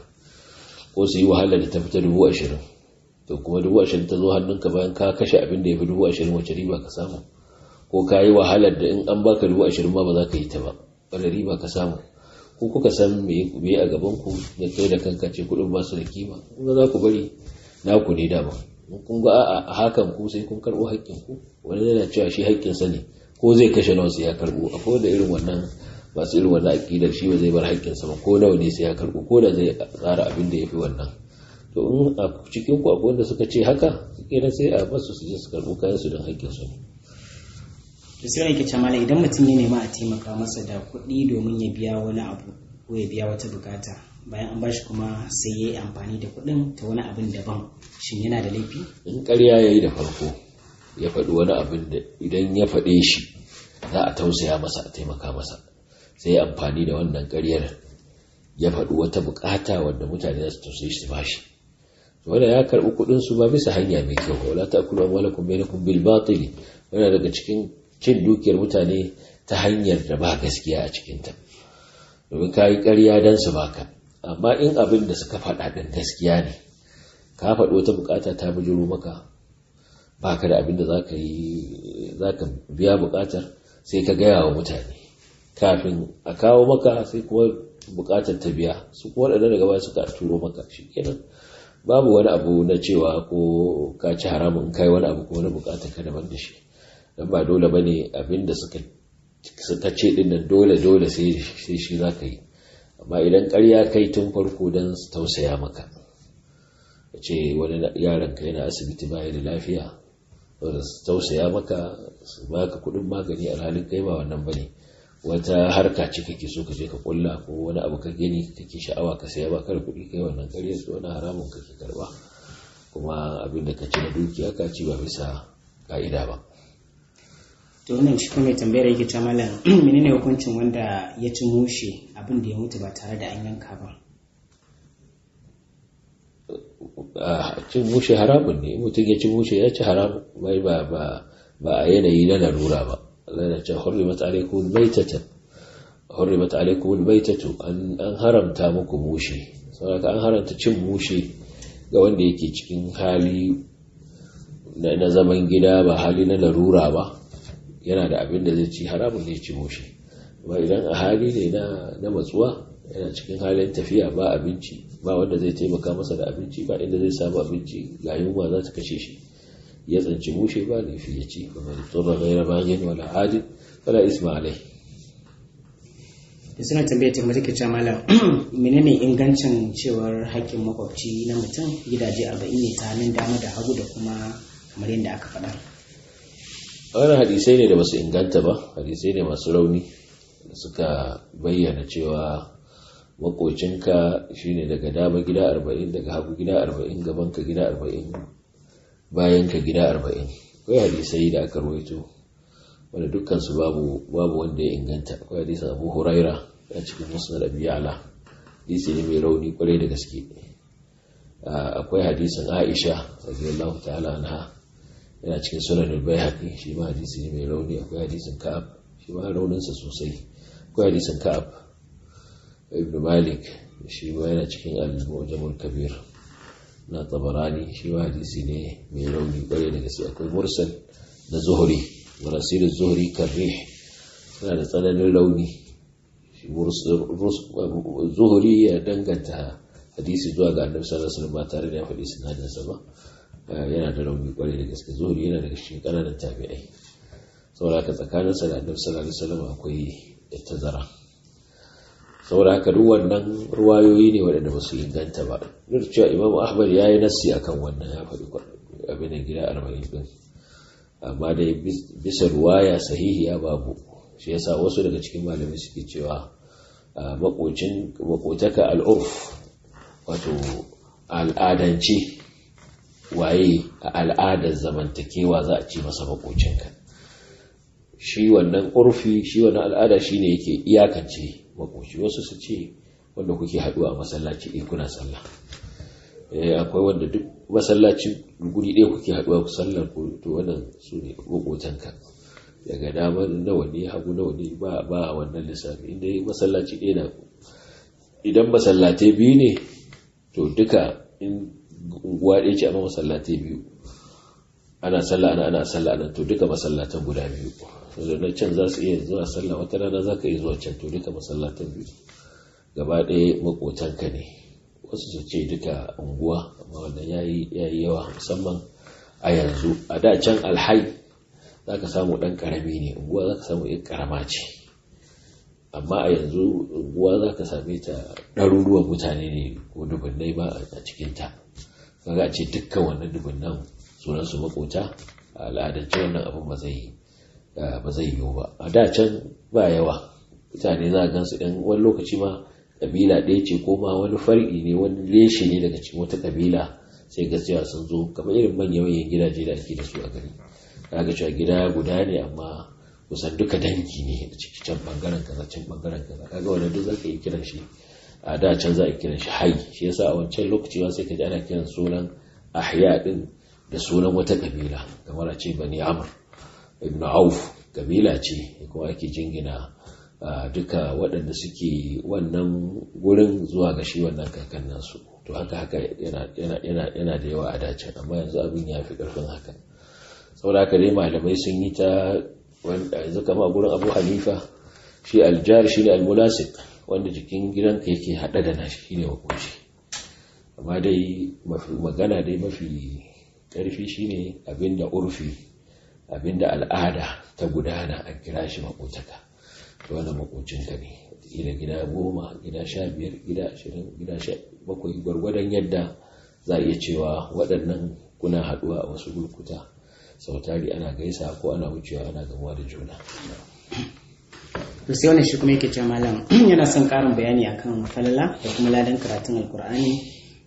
ko su yi wahalar da ta fita dubu ashirin to kuma dubu ashirin ta zo hannunka bayan ka kashe abin da ya fi dubu ashirin wacce riba ka samu ko ka yi wahalar da in an baka dubu ashirin ma ba za ka yi ta ba wani riba ka samu ko kuka san me ku a gaban ku da kai da kanka ce kudin ba su da kima ga za ku bari naku ne dama kun ga a hakan ku sai kun karɓo haƙƙin ku wani yana cewa shi haƙƙin sa ne ko zai kashe nawa sai ya karɓo akwai da irin wannan masu irin wannan aƙidar shi ba zai bar haƙƙin sa ba ko nawa ne sai ya karbo ko da zai tsara abin da ya fi wannan to in a cikin ku akwai wanda suka ce haka kenan sai a basu su je su karbo kayan su don haƙƙin su ne to sai ranke idan mutum ya nema a taimaka masa da kuɗi domin ya biya wani abu ko ya biya wata bukata bayan an bashi kuma sai ya yi amfani da kuɗin ta wani abin daban shin yana da laifi in ƙarya ya yi da farko ya faɗi wani abin da idan ya faɗe shi za a tausaya masa a taimaka masa sai ya amfani da wannan ƙaryar ya faɗi wata bukata wanda mutane za su tausaye shi su bashi wanda ya karɓi kuɗin su ba bisa hanya mai kyau wala ta'kulu amwalakum bainakum bil batil yana daga cikin cin dukiyar mutane ta hanyar da ba gaskiya a cikinta domin ka yi ƙarya don su baka amma in abin da suka faɗa ɗin gaskiya ne ka faɗi wata bukata ta bujiro maka ba ka da abin da za ka biya bukatar sai ka gaya wa mutane kafin a kawo maka sai kuma bukatar ta biya su kuma da daga baya suka turo maka shi kenan babu wani abu na cewa ko ka ci haramun kai wani abu ko wani bukatar ka daban da shi dan ba dole bane abinda suka suka ce din nan dole dole sai sai za ka yi amma idan ƙarya kai tun farko dan tausaya maka ce wani yaron ka yana asibiti baya da lafiya wanda su tausaya maka su baka kudin magani a halin kai ba wannan bane wata harka ce kake so ka je ka kulla ko wani abu ka gani kake sha'awa ka saya ba kar kuɗi kai wannan ƙarya su wani haramun kake karba kuma abin da ka ci na dukiya ka ci ba bisa ka'ida ba to wannan shi kuma tambayar yake ta malam menene hukuncin wanda ya ci mushe abin da ya mutu ba tare da an yanka ba cin mushe haramun ne mutum ya ci mushe ya ci haramun bai ba ba ba a yanayi na larura ba Allah ya ce hurrimat alaikum baitatan hurrimat alaikum baitatu an haramta muku mushe saboda an haramta cin mushe ga wanda yake cikin hali na zaman gida ba hali na larura ba yana da abin da zai ci haramun ne ci moshi amma idan a hali ne na matsuwa yana cikin halin tafiya ba abinci ba wanda zai taimaka masa da abinci ba inda zai samu abinci ga yunwa za ta kashe shi ya tsanci mushe ba fi ya ci kuma da tsoron bai raba yin wani adin wala ismailai da suna tambaya ta marike ta malam menene ingancin cewar haƙƙin makwabci na mutum gidaje arba'in ne ta hannun dama da hagu da kuma kamar yadda aka faɗa wani hadisai ne da basu inganta ba hadisai ne masu rauni da suka bayyana cewa makocinka shine daga dama gida arba'in daga hagu gida arba'in gabanka gida arba'in bayanka gida arba'in akwai hadisai da aka ruwaito wanda dukkansu babu wanda ya inganta kai hadisin abu huraira a cikin musnad abi ala hadisi ne mai rauni kwarai da gaske ah, akwai hadisin aisha radiyallahu ta'ala anha yana cikin sunan haƙi shi ma hadisi ne mai rauni akwai hadisin ka'ab shi ma rauninsa sosai akwai hadisin ka'ab ibn malik shi ma yana cikin a mujamul kabir na tabarani shi ma hadisi ne mai rauni kwarai da gaske akwai mursal na zuhri marasirin zuhri karni suna da tsananin rauni zuhuri ya danganta hadisi zuwa ga annabi sallallahu alaihi wasallam ba tare da ya faɗi sanadinsa ba yana da rauni kwarai da gaske zuhuri yana daga cikin ƙananan tabi'ai saboda haka tsakanin sa da annabi sallallahu alaihi wasallam akwai tazara saboda haka duk wannan ruwayoyi ne waɗanda ba su inganta ba duk cewa imamu ahmad ya yi nassi akan wannan ya faɗi abin da gida arba'in din amma dai bisa ruwaya sahihiya babu shi yasa wasu daga cikin malamai suke cewa makocin makotaka al'urf wato al'adanci. waye a al'adar zamantakewa za a ce masa makocinka shi wannan urfi shi wannan al'ada shine yake iyakance makoci wasu su ce wanda kuke haɗuwa a masallaci ɗin eh, kuna sallah eh, akwai wanda duk masallaci guri ɗaya kuke haɗuwa ku sallar ku to wannan su ne ka daga damar nawa ne hagu nawa ne ba ba wannan lissafi inda masallaci ɗaya na idan masallatai biyu ne to duka in unguwa ɗaya ce amma masallatai biyu ana sallah ana ana sallah ana to duka masallatan guda biyu saboda na can za su iya zuwa sallah wata rana za ka iya zuwa can to duka masallatan biyu gaba ɗaya makotanka ne wasu su ce duka unguwa amma wannan ya yi yawa musamman a yanzu a da can alhai za ka samu ɗan ƙarami ne unguwa za ka samu ɗan ƙarama ce amma a yanzu unguwa za ka same ta ɗaruruwan mutane ne ko dubannai ba a cikinta kaga a ce dukkan wannan nan sunan su makota a al'adance wannan abin ba zai ba zai yiwu ba a da can ba yawa mutane za a gan su ɗan wani lokaci ma kabila ɗaya ce ko ma wani far'i ne wani leshe ne daga cikin wata kabila sai ga cewa sun zo kamar irin manyan manyan gidaje da ake da su a gari kaga cewa gida guda ne amma kusan duka dangi ne a cikin can bangaren kaza can bangaren kaza kaga wannan duk zaka yi kiran shi a da can za a kiran shi hayy shi yasa a wancan lokaci ba sai ka ji ana kiran sunan ahya din da sunan wata kabila kamar a ce bani amr ibn auf kabila ce kuma ake jingina duka waɗanda suke wannan gurin zuwa ga shi wannan kankan su to haka haka yana da yawa a dacin amma yanzu abin ya fi ƙarfin haka saboda haka dai malamai sun yi ta wanda yanzu kama gurin abu halifa shi aljihar shi ne almulasik wanda jikin gidanka yake haɗa da nashi shine makoci amma dai magana dai mafi ƙarfi shine abinda urfi abinda al'ada ta gudana a kira shi makotaka to wannan makocinka ne gida gida goma gida sha biyar gida ashirin gida sha bakwai gwargwadon yadda za a iya cewa waɗannan kuna haɗuwa a wasu gurkuta Sautari ana gaisa ko ana wucewa ana gamuwa da juna to sai wannan shi kuma yake cewa malam yana son karin bayani akan falala da kuma ladan karatun alkur'ani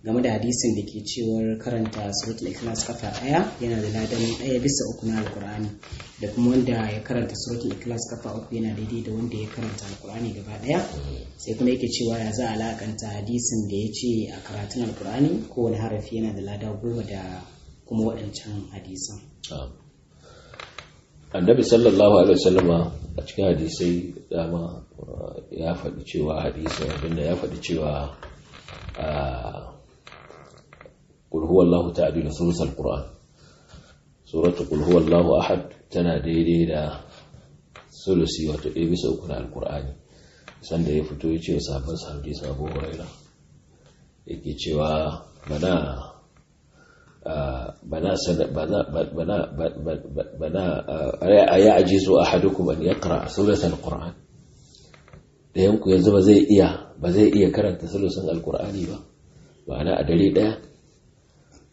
game da hadisin da ke cewar karanta suratul ikhlas kafa daya yana da ladan daya bisa uku na alkur'ani da kuma wanda ya karanta suratul ikhlas kafa uku yana daidai da wanda ya karanta alkur'ani gaba daya sai kuma yake cewa ya za a alakanta hadisin da ya ce a karatun alkur'ani wani harafi yana da lada goma da kuma waɗancan hadisan annabi sallallahu alaihi wasallama a cikin hadisai dama uh, ya faɗi cewa hadisai abinda ya faɗi cewa ƙulhuwallahu uh, ta adila sulusar ƙura'an suratu ƙulhuwallahu ahad tana daidai da sulusi wato ɗaya bisa uku na alƙura'ani sanda ya fito ya ce sabon sabon sabo Ya yake cewa mana bana a ya aji zuwa ahadukum an yaqra sulasan qur'an dayan ku yanzu ba zai iya ba zai iya karanta sulusun alqur'ani ba ma'ana a dare ɗaya?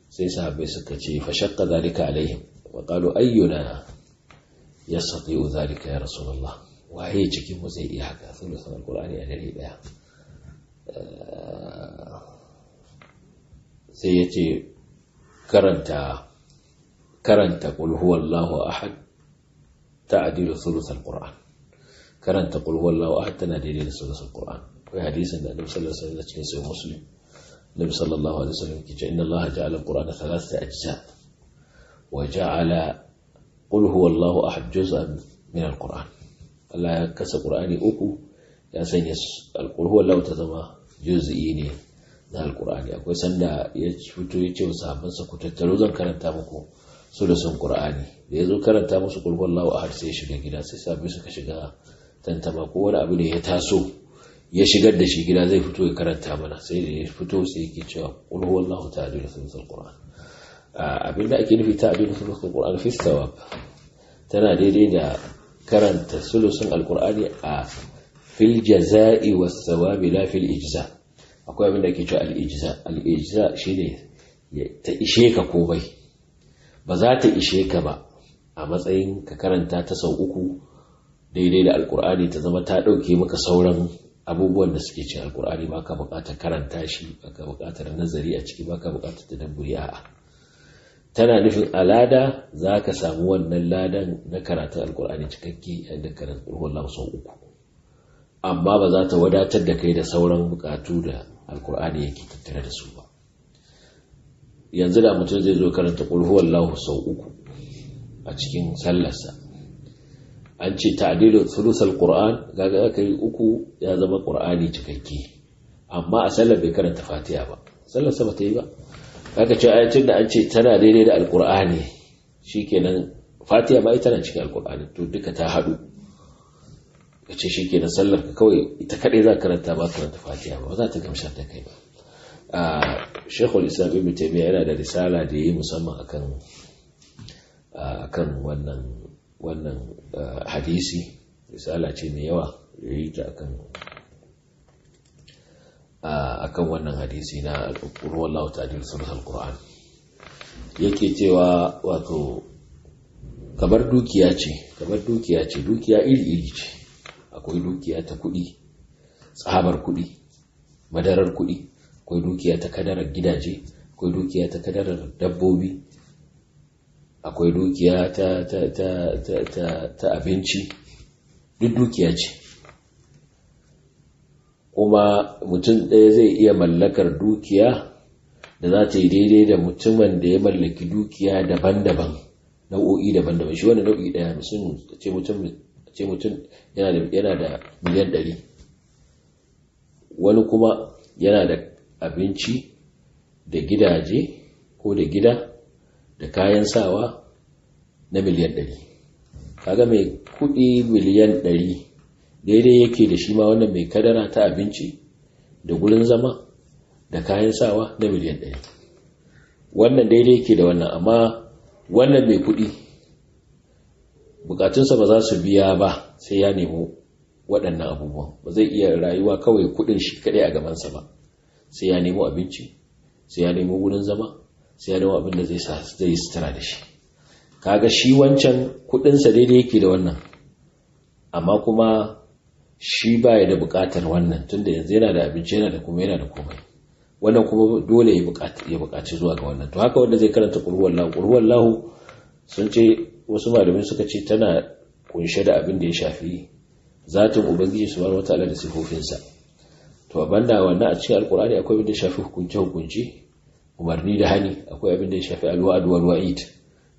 sai sahabai suka ce fa shaqqa zalika alaihim wa qalu ayyuna yastati'u zalika ya rasulullah waye cikin mu zai iya haka sulusun alqur'ani a dare ɗaya? sai ya ce karanta karanta qul huwallahu ahad ta adilu thuluthal qur'an karanta qul huwallahu ahad tana daidai da thuluthal qur'an akwai hadisin da annabi sallallahu alaihi wasallam cikin sahih muslim annabi sallallahu alaihi wasallam ke cewa inna allaha ja'ala al-qur'ana thalathata ajza wa ja'ala qul huwallahu ahad juz'an min al-qur'an Allah ya kasa qur'ani uku ya sanya al-qur'an ta zama juz'i ne na alkur'ani akwai sanda ya fito ya ce wa sahabbansa ku tattaro zan karanta muku su da son qur'ani da ya zo karanta musu kulkul lahu ahad sai ya shiga gida sai sahabbai suka shiga tantama ko wani abu da ya taso ya shigar da shi gida zai fito ya karanta mana sai da ya fito sai yake cewa qul huwallahu ta'ala sunan qur'an abinda ake nufi ta'ala sunan qur'an fi sawab tana daidai da karanta sulusun alkur'ani a fil jaza'i was sawabi la fil ijza' akwai abin da ke cewa al'ijiza al'ijiza shi ne ta ishe ka komai ba za ta ishe ka ba a matsayin ka karanta ta sau uku daidai da alkur'ani ta zama ta ɗauke maka sauran abubuwan da suke cin alkur'ani ba ka buƙatar karanta shi ba ka buƙatar nazari a ciki ba ka buƙatar tadabburi a'a tana nufin alada za ka samu wannan ladan na karatun alkur'ani cikakke yadda karanta sau uku amma ba za ta wadatar da kai da sauran bukatu da alkur'ani yake tattare da su ba yanzu da mutum zai zo karanta ƙulhuwar lahu sau uku a cikin sallarsa an ce ta'adilin sulusal ƙur'an gaga aka yi uku ya zama qur'ani cikakke amma a sallar bai karanta fatiha ba sallar sa ta yi ba kaga ce ayatin da an ce tana daidai da alƙur'ani shikenan fatiha ma ita tana cikin alƙur'ani to duka ta hadu. ka ce shi kenan sallar ka kawai ita kaɗai za karanta ba karanta fatiha ba za ta gamsha ta kai ba a shekul islam ibn taimiyya yana da risala da ya yi musamman akan akan wannan wannan hadisi risala ce mai yawa ya yi ta akan akan wannan hadisi na ruwallahu ta'adil sunan alquran yake cewa wato kamar dukiya ce kamar dukiya ce dukiya iri iri ce akwai dukiya ta kuɗi tsabar kuɗi madarar kuɗi akwai dukiya ta kadarar gidaje akwai dukiya ta kadarar dabbobi akwai dukiya ta, ta, ta, ta, ta, ta abinci duk dukiya ce kuma mutum ɗaya zai iya mallakar dukiya da za ta yi daidai da mutumin da ya mallaki dukiya daban-daban nau'o'i daban-daban shi wani nau'i ɗaya musulun ce mutum ce mutum yana da miliyan ɗari wani kuma yana da abinci da gidaje ko da gida da kayan sawa na miliyan ɗari kaga mai kuɗi miliyan ɗari daidai yake da shi ma wannan mai kadara ta abinci da gurin zama da kayan sawa na miliyan ɗari wannan daidai yake da wannan amma wannan mai kuɗi bukatunsa ba za su biya ba sai ya nemo waɗannan abubuwan ba zai iya rayuwa kawai kuɗin shi kaɗai a gabansa ba sai ya nemo abinci sai ya nemo wurin zama sai ya nemo abin da zai zai sutura da shi kaga shi wancan kuɗinsa daidai yake da wannan amma kuma shi baya da buƙatar wannan tunda yanzu yana da abinci yana da kuma yana da komai wannan kuma dole ya buƙaci zuwa ga wannan to haka wanda zai karanta ƙurwallahu ƙurwallahu sun ce wasu malamin suka ce tana kunshe da abin da ya shafi zatin ubangiji su bar wata da sifofinsa to a banda wannan a cikin alkur'ani akwai abin da ya shafi hukunce hukunci umarni da hani akwai abin da ya shafi alwa'ad wal wa'id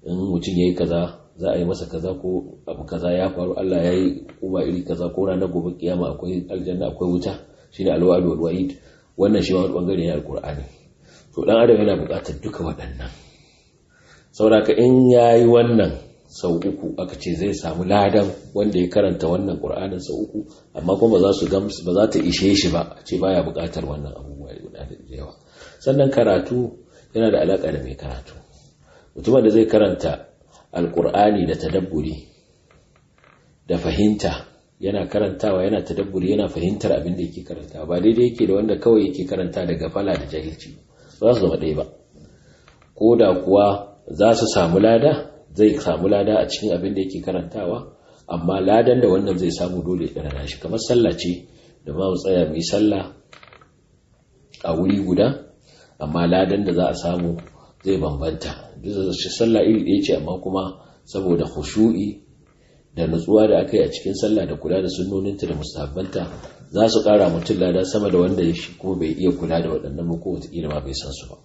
in mutum yayi kaza za a yi masa kaza ko abu kaza ya faru Allah ya yi kuma iri kaza ko ranar gobe kiyama akwai aljanna akwai wuta shine alwa'ad wal wa'id wannan shi wani bangare ne alkur'ani to dan adam yana bukatar duka waɗannan sauraka in yayi wannan sau uku aka ce zai samu ladan wanda ya karanta wannan kur'anin sau uku amma kuma ba za su ba za ta ishe shi ba a ce baya buƙatar wannan abubuwa da yawa sannan karatu yana da alaƙa da mai karatu mutumin da zai karanta alƙur'ani da tadabburi da fahimta yana karantawa yana tadabburi yana fahimtar abin da yake karanta ba daidai yake da wanda kawai yake karanta daga fala da jahilci ba za su zama ɗaya ba ko da kuwa za su samu lada zai samu lada a cikin abin da yake karantawa amma ladan da wannan zai samu dole ya na shi kamar sallah ce da ba mu tsaya mu yi sallah a wuri guda amma ladan da za a samu zai bambanta duk da shi sallah iri ɗaya ce amma kuma saboda khushu'i da nutsuwa da aka yi a cikin sallah da kula da sunnoninta da musabbanta za su ƙara mutum lada sama da wanda shi kuma bai iya kula da waɗannan ba ko wataƙila ma bai san su ba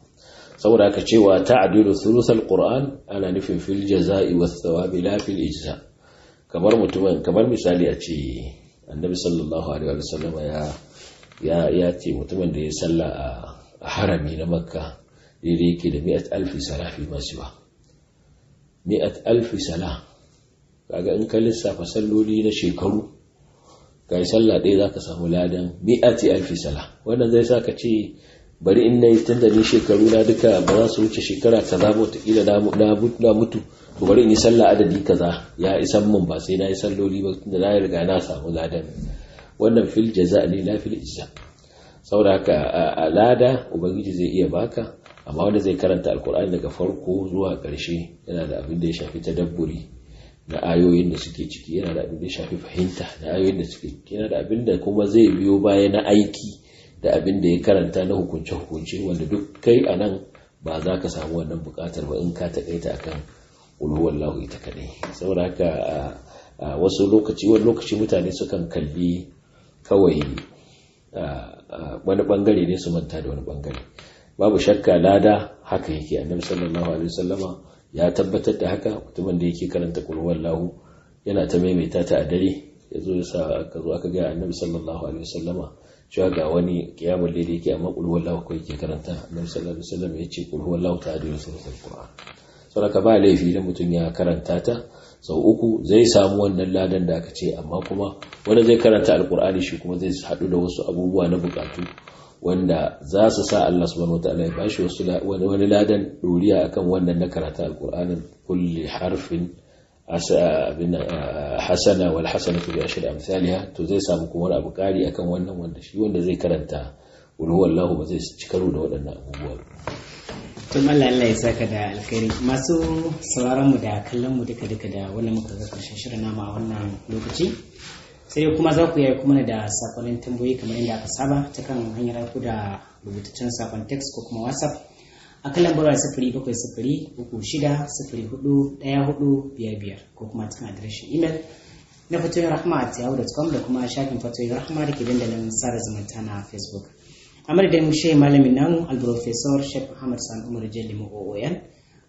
saboda haka cewa ta'dilu thuluthal qur'an ana nufin fil jazaa'i was thawabi la fil ijza kamar mutumin kamar misali a ce annabi sallallahu alaihi wa sallam ya ya ya ce mutumin da ya salla a harami na makka daidai yake da mi'at alfi salafi masu ba mi'at alfi salah kaga in ka lissafa salloli na shekaru ka yi sallah ɗaya za ka samu ladan mi'ati alfi sala wannan zai sa ka ce bari in nayi tunda ni shekaru na duka ba za su wuce shekara kaza ba wataƙila na mutu to bari in yi sallah adadi kaza ya isan mun ba sai na yi salloli ba tunda na riga na samu ladan wannan fil jaza ne na fil isa saboda haka a lada ubangiji zai iya baka amma wanda zai karanta alkur'ani daga farko zuwa karshe yana da abin da ya shafi tadabburi na ayoyin da suke ciki yana da abin da ya shafi fahimta na ayoyin da suke ciki yana da abin da kuma zai biyo baya na aiki da abin da ya karanta na hukunce-hukunce wanda duk kai a nan ba za ka samu wannan bukatar ba in ka taƙaita kan uluwan lahu ita kadai, saboda haka a wasu lokaci wani lokaci mutane sukan kalli kawai wani bangare ne su manta da wani bangare babu shakka lada haka yake annabi sallallahu alaihi wasallama ya tabbatar da haka mutumin da yake karanta kulwar lahu yana ta maimaita ta a dare ya zo ya sa aka zo aka ga annabi sallallahu alaihi wasallama cewa ga wani kiyamun laili yake amma kul huwallahu ke karanta na musallar musallar ya ce kul huwallahu ta'ala suratul qur'an saboda ka ba laifi da mutum ya karanta ta sau uku zai samu wannan ladan da aka ce amma kuma wani zai karanta alkur'ani shi kuma zai haɗu da wasu abubuwa na bukatu wanda za su sa Allah subhanahu wataala ya bashi wasu wani ladan doriya akan wannan na karanta alkur'anin kulle harfin Eh, hasana wal hasanatu bi ashri amsalha to zai samu kuma wani abu kari akan wannan wanda shi wanda zai karanta wal wallahu ba zai ci karo da waɗannan abubuwa to mallan Allah ya saka da alkhairi masu sauraron mu da kallon mu duka duka da wannan muka ga karshen shirin nama a wannan lokaci sai kuma za ku yi kuma da sakonin tambayoyi kamar yadda aka saba ta kan hanyar ku da rubutaccen sakon text ko kuma whatsapp a kan lambar sifiri bakwai sifiri uku shida sifiri hudu daya hudu biyar biyar ko kuma cikin adireshin imel na fatoyin rahama a tiyawu da kuma shafin fatoyin rahama da ke dandalin sara zumunta na facebook a madadin shehi malamin namu alburofesor shek muhammad san umar jelimu ooyan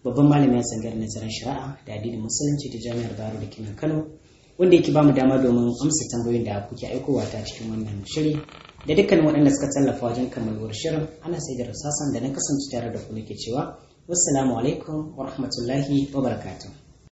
babban malamin na nazarin shari'a da addinin musulunci ta jami'ar baro da kenan kano wanda yake ba mu dama domin amsa tambayoyin da kuke aikowa ta cikin wannan shiri da dukkan waɗanda suka tallafa wajen kammaluwar shirin ana sai da rasasan da na kasance tare da ku nake cewa wassalamu alaikum wa rahmatullahi wa barakatuh